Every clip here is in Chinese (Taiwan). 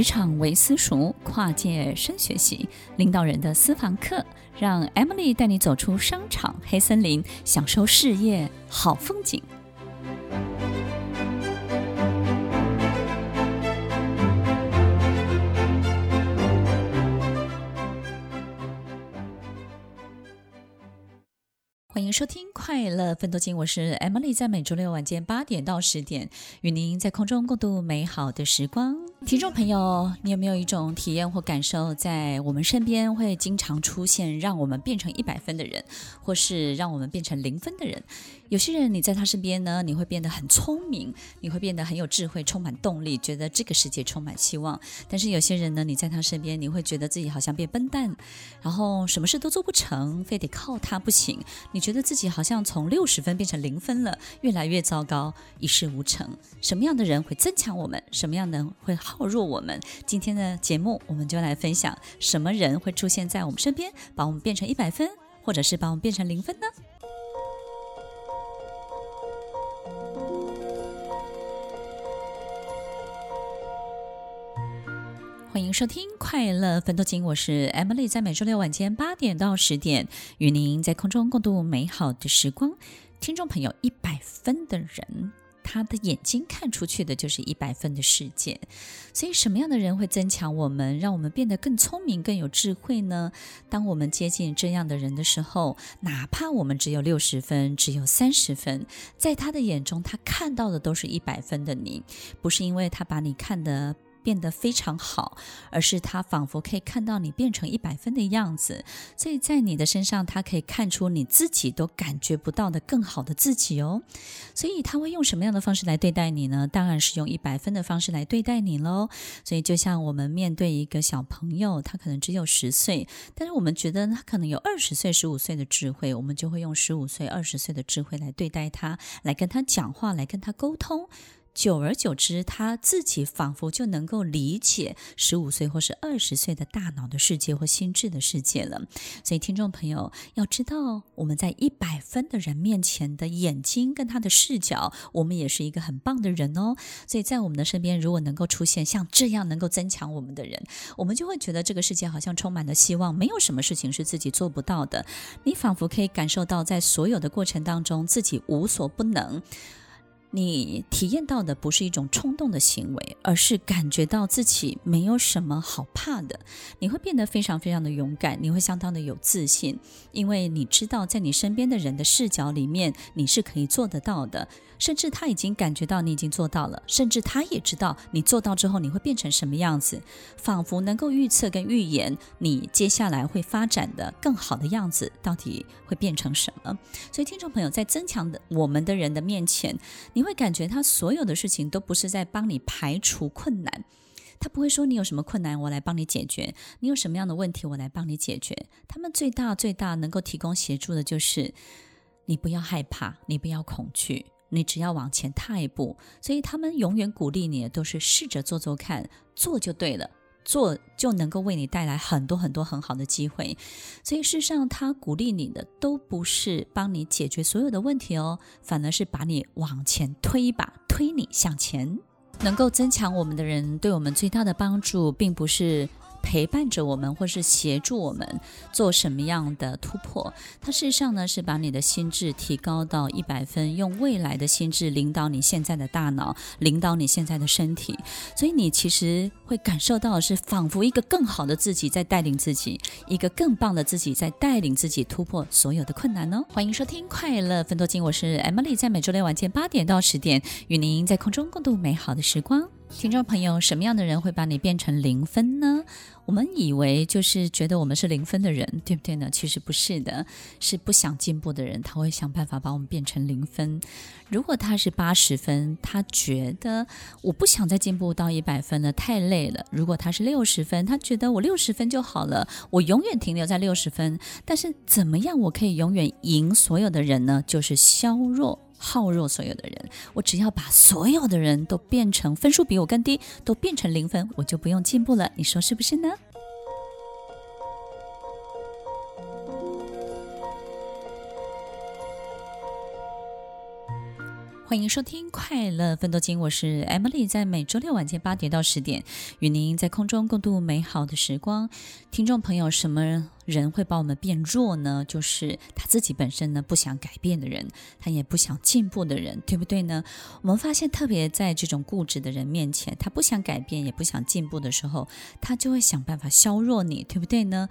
職場微私塾，跨界深學習，領導人的私房課，讓 Emily 帶你走出商場黑森林，享受事業好風景。歡迎收聽《快樂奮鬥經》，我是 Emily，在每周六晚間八點到十點，與您在空中共度美好的時光。聽眾朋友，你有沒有一種體驗或感受，在我們身邊會經常出現，讓我們變成一百分的人，或是讓我們變成零分的人？有些人你在他身邊呢，你會變得很聰明，你會變得很有智慧，充滿動力，覺得這個世界充滿希望；但是有些人呢，你在他身邊，你會覺得自己好像變笨蛋，然後什麼事都做不成，非得靠他不行。你覺得自己好像從六十分變成零分了，越來越糟糕，一事無成。什麼樣的人會增強我們？什麼樣的人會好？套入我們今天的節目，我們就來分享：什麼人會出現在我們身邊，把我們變成一百分，或者是把我們變成零分呢？歡迎收聽《快樂奮鬥經》，我是 Emily，在每週六晚間八點到十點，與您在空中共度美好的時光。聽眾朋友，一百分的人。他的眼睛看出去的就是一百分的世界，所以什麼樣的人會增強我們，讓我們變得更聰明、更有智慧呢？當我們接近這樣的人的時候，哪怕我們只有六十分，只有三十分，在他的眼中，他看到的都是一百分的你，不是因為他把你看得。變得非常好，而是他仿佛可以看到你變成一百分的樣子，所以在你的身上，他可以看出你自己都感覺不到的更好的自己哦。所以他會用什麼樣的方式來對待你呢？當然是用一百分的方式來對待你嘍。所以就像我們面對一個小朋友，他可能只有十歲，但是我們覺得他可能有二十歲、十五歲的智慧，我們就會用十五歲、二十歲的智慧來對待他，來跟他講話，來跟他溝通。久而久之，他自己仿佛就能夠理解十五歲或是二十歲的大腦的世界或心智的世界了。所以，聽眾朋友要知道，我們在一百分的人面前的眼睛跟他的視角，我們也是一個很棒的人哦。所以在我們的身邊，如果能夠出現像這樣能夠增強我們的人，我們就會覺得這個世界好像充滿了希望，沒有什麼事情是自己做不到的。你仿佛可以感受到，在所有的過程當中，自己無所不能。你體驗到的不是一種衝動的行為，而是感覺到自己沒有什麼好怕的。你會變得非常非常的勇敢，你會相當的有自信，因為你知道在你身邊的人的視角裡面，你是可以做得到的。甚至他已經感覺到你已經做到了，甚至他也知道你做到之後你會變成什麼樣子，仿佛能夠預測跟預言你接下來會發展的更好的樣子，到底會變成什麼。所以，聽眾朋友在增強的我們的人的面前，你會感覺他所有的事情都不是在幫你排除困難，他不會說你有什麼困難我來幫你解決，你有什麼樣的問題我來幫你解決。他們最大最大能夠提供協助的就是你不要害怕，你不要恐懼，你只要往前踏一步。所以他們永遠鼓勵你的都是試着做做看，做就對了。做就能夠為你帶來很多很多很好的機會，所以事實上他鼓勵你的都不是幫你解決所有的問題哦，反而是把你往前推一把，推你向前，能夠增強我們的人對我們最大的幫助，並不是。陪伴着我們，或是協助我們做什麼樣的突破？它事實上呢，是把你的心智提高到一百分，用未來的心智領導你現在的大腦，領導你現在的身體。所以你其實會感受到是，仿佛一個更好的自己在帶領自己，一個更棒的自己在帶領自己突破所有的困難哦。歡迎收聽《快樂分多金》，我是 Emily，在每周六晚間八點到十點，與您在空中共度美好的時光。聽眾朋友，什麼樣的人會把你變成零分呢？我們以為就是覺得我們是零分的人，對不對呢？其實不是的，是不想進步的人，他會想辦法把我們變成零分。如果他是八十分，他覺得我不想再進步到一百分了，太累了。如果他是六十分，他覺得我六十分就好了，我永遠停留在六十分。但是怎麼樣我可以永遠贏所有的人呢？就是削弱。耗弱所有的人，我只要把所有的人都變成分數比我更低，都變成零分，我就不用進步了。你說是不是呢？歡迎收聽快樂奮鬥經，我是 Emily，在每週六晚間八點到十點，與您在空中共度美好的時光。聽眾朋友，什麼人會把我們變弱呢？就是他自己本身呢，不想改變的人，他也不想進步的人，對不對呢？我們發現，特別在這種固執的人面前，他不想改變，也不想進步的時候，他就會想辦法削弱你，對不對呢？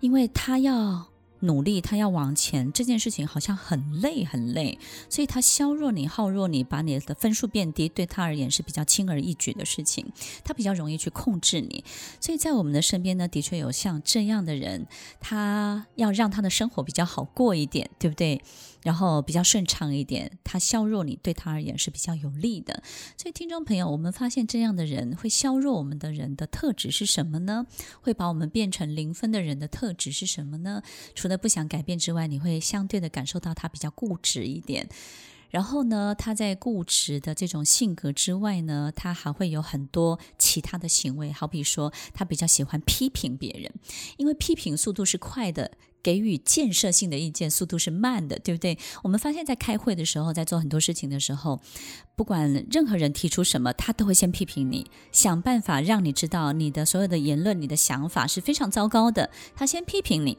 因為他要。努力，他要往前，這件事情好像很累，很累，所以他削弱你、耗弱你，把你的分數變低，對他而言是比較輕而易舉的事情，他比較容易去控制你。所以在我們的身邊呢，的確有像這樣的人，他要讓他的生活比較好過一點，對不對？然後比較順暢一點，他削弱你，對他而言是比較有利的。所以聽眾朋友，我們發現這樣的人會削弱我們的人的特質是什麼呢？會把我們變成零分的人的特質是什麼呢？除了不想改變之外，你會相對的感受到他比較固執一點。然後呢，他在固執的這種性格之外呢，他還會有很多其他的行為，好比說，他比較喜歡批評別人，因為批評速度是快的，給予建設性的意見速度是慢的，對不對？我們發現，在開會的時候，在做很多事情的時候，不管任何人提出什麼，他都會先批評你，想辦法讓你知道你的所有的言論、你的想法是非常糟糕的，他先批評你。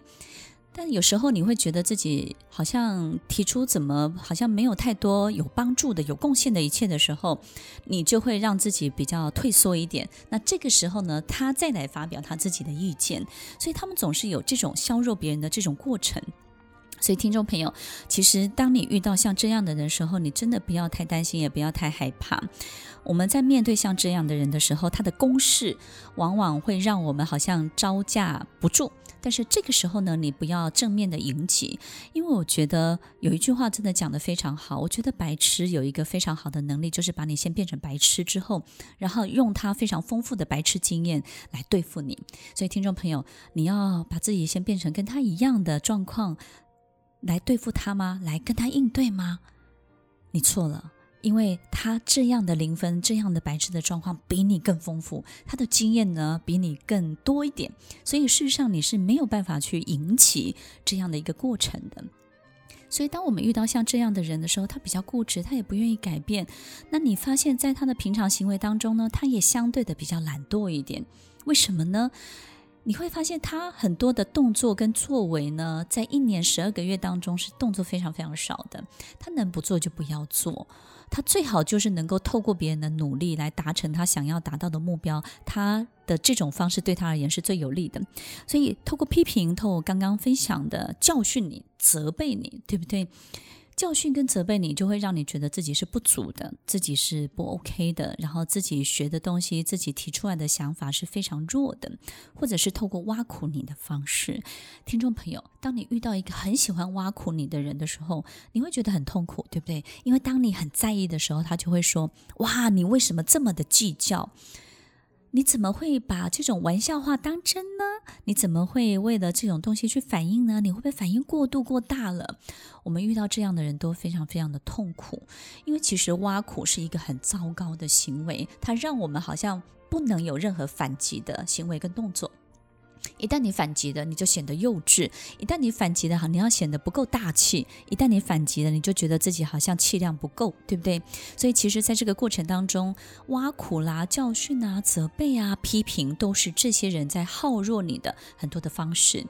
但有時候你會覺得自己好像提出怎麼好像沒有太多有幫助的、有貢獻的一切的時候，你就會讓自己比較退縮一點。那這個時候呢，他再來發表他自己的意見，所以他們總是有這種削弱別人的這種過程。所以聽眾朋友，其實當你遇到像這樣的人的時候，你真的不要太擔心，也不要太害怕。我們在面對像這樣的人的時候，他的攻勢往往會讓我們好像招架不住。但是這個時候呢，你不要正面的迎擊，因為我覺得有一句話真的講的非常好。我覺得白痴有一個非常好的能力，就是把你先變成白痴之後，然後用他非常豐富的白痴經驗來對付你。所以聽眾朋友，你要把自己先變成跟他一樣的狀況來對付他嗎？來跟他應對嗎？你錯了。因為他這樣的零分，這樣的白痴的狀況比你更豐富，他的經驗呢比你更多一點，所以事實上你是沒有辦法去引起這樣的一個過程的。所以當我們遇到像這樣的人的時候，他比較固執，他也不願意改變。那你發現在他的平常行為當中呢，他也相對的比較懶惰一點。為什麼呢？你會發現他很多的動作跟作為呢，在一年十二個月當中是動作非常非常少的。他能不做就不要做。他最好就是能夠透過別人的努力來達成他想要達到的目標，他的這種方式對他而言是最有利的，所以透過批評，透過剛剛分享的教訓你、責備你，對不對？教訓跟責備你，就會讓你覺得自己是不足的，自己是不 OK 的，然後自己學的東西，自己提出來的想法是非常弱的，或者是透過挖苦你的方式。聽眾朋友，當你遇到一個很喜歡挖苦你的人的時候，你會覺得很痛苦，對不對？因為當你很在意的時候，他就會說：“哇，你為什麼這麼的計較？”你怎麼會把這種玩笑話當真呢？你怎麼會為了這種東西去反應呢？你會不會反應過度過大了？我們遇到這樣的人都非常非常的痛苦，因為其實挖苦是一個很糟糕的行為，它讓我們好像不能有任何反擊的行為跟動作。一旦你反擊的，你就顯得幼稚；一旦你反擊的，好，你要顯得不夠大氣；一旦你反擊了，你就覺得自己好像氣量不夠，對不對？所以，其實，在這個過程當中，挖苦啦、教訓啊、責備啊、批評，都是這些人在耗弱你的很多的方式。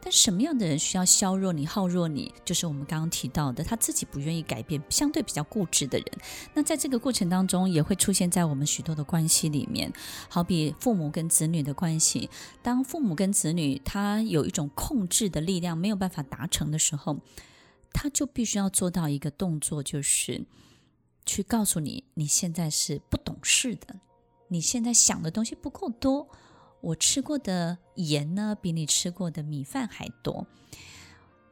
但什麼樣的人需要削弱你、耗弱你？就是我們剛剛提到的，他自己不願意改變、相對比較固執的人。那在這個過程當中，也會出現在我們許多的關係裡面，好比父母跟子女的關係，當父母。跟子女，他有一種控制的力量，沒有辦法達成的時候，他就必須要做到一個動作，就是去告訴你，你現在是不懂事的，你現在想的東西不夠多。我吃過的鹽呢，比你吃過的米飯還多。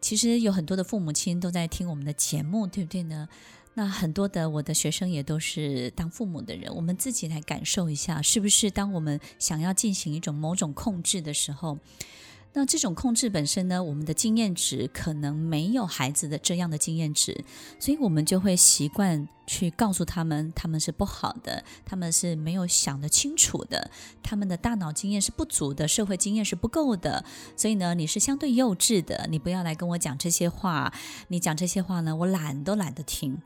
其實有很多的父母親都在聽我們的節目，對不對呢？那很多的我的學生也都是當父母的人，我們自己來感受一下，是不是當我們想要進行一種某種控制的時候，那這種控制本身呢，我們的經驗值可能沒有孩子的這樣的經驗值，所以我們就會習慣去告訴他們，他們是不好的，他們是沒有想得清楚的，他們的大腦經驗是不足的，社會經驗是不夠的，所以呢，你是相對幼稚的，你不要來跟我講這些話，你講這些話呢，我懶都懶得聽。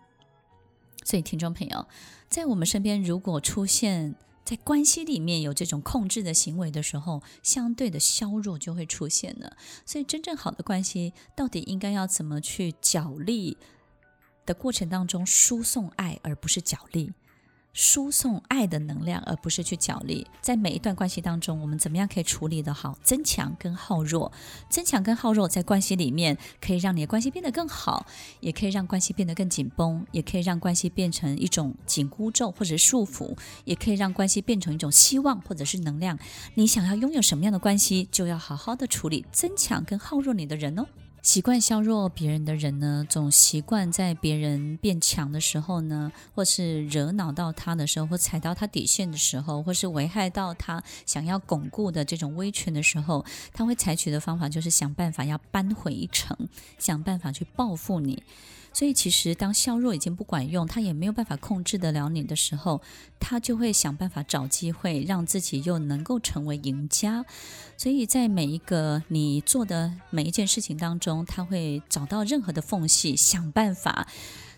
所以，聽眾朋友，在我們身邊，如果出現在關係裡面有這種控制的行為的時候，相對的削弱就會出現了。所以，真正好的關係到底應該要怎麼去角力的過程當中輸送愛，而不是角力。輸送愛的能量，而不是去角力。在每一段關係當中，我們怎麼樣可以處理得好？增強跟耗弱，增強跟耗弱在關係裡面可以讓你的關係變得更好，也可以讓關係變得更緊繃，也可以讓關係變成一種緊箍咒或者是束縛，也可以讓關係變成一種希望或者是能量。你想要擁有什麼樣的關係，就要好好的處理增強跟耗弱你的人哦。習慣削弱別人的人呢，總習慣在別人變強的時候呢，或是惹惱到他的時候，或踩到他底線的時候，或是危害到他想要鞏固的這種威權的時候，他會採取的方法就是想辦法要扳回一城，想辦法去報復你。所以，其實當削弱已經不管用，他也沒有辦法控制得了你的時候，他就會想辦法找機會，讓自己又能夠成為贏家。所以在每一個你做的每一件事情當中，他會找到任何的縫隙，想辦法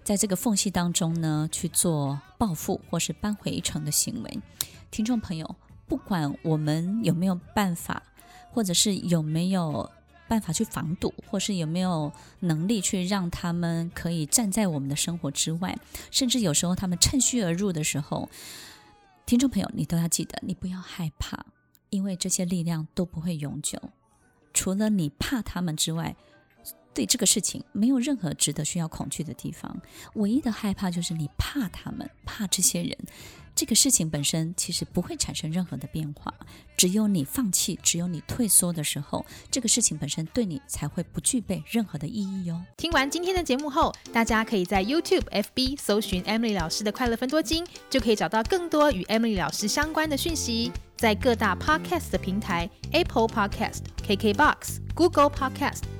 在這個縫隙當中呢去做報復或是扳回一城的行為。聽眾朋友，不管我們有沒有辦法，或者是有沒有。辦法去防堵，或是有沒有能力去讓他們可以站在我們的生活之外，甚至有時候他們趁虛而入的時候，聽眾朋友，你都要記得，你不要害怕，因為這些力量都不會永久，除了你怕他們之外。對這個事情沒有任何值得需要恐懼的地方，唯一的害怕就是你怕他們，怕這些人。這個事情本身其實不會產生任何的變化，只有你放棄，只有你退縮的時候，這個事情本身對你才會不具備任何的意義喲。哦，聽完今天的節目後，大家可以在 YouTube、FB 搜尋 Emily 老師的快樂分多金，就可以找到更多與 Emily 老師相關的訊息。在各大 Podcast 的平台，Apple Podcast、KK Box、Google Podcast。